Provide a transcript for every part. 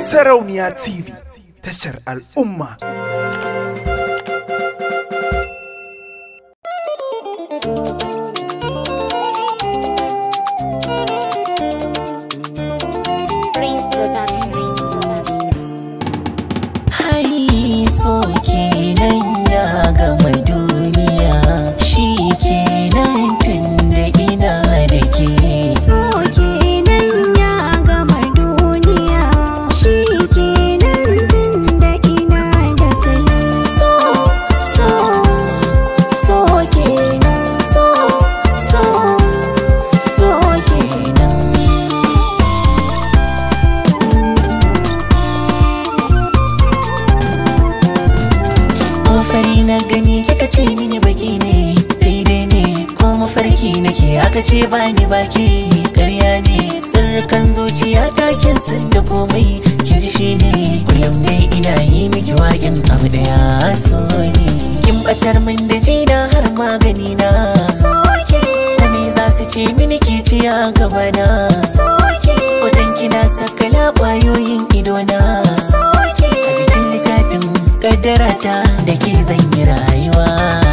Sarauniya TV tashar al'umma. thank you aka ce bani baki ƙarya ne sirrukan zuciya kinsin sun da komai ki ji shi ne kullum dai ina yi miki waƙin abu ɗaya so ne kin batar min da jina har magani na soke ta me za su ce mini ki ci a gaba na soke wadan kina saka labayoyin ido na soke a jikin littafin kaddara ta da ke zan yi rayuwa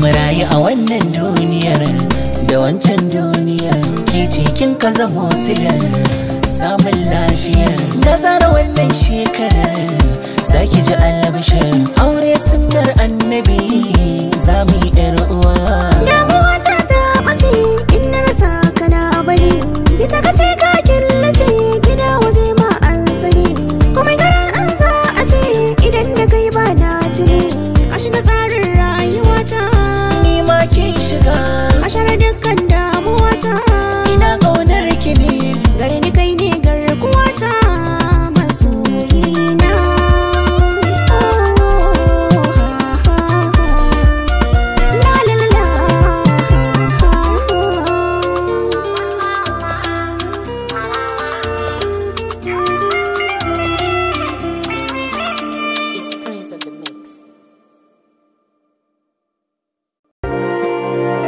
murayi a wannan duniyar da wancan duniyar ke cikin ka zamo silar samun lafiyar? na tsara wannan shekarar zaki ji alabishir aure sunnar annabi za mu yi yar uwa ta ta bace in na rasa bari ita ka ce ka killace gida waje ma an sani kuma garin an za a ce idan da kai ba na tuni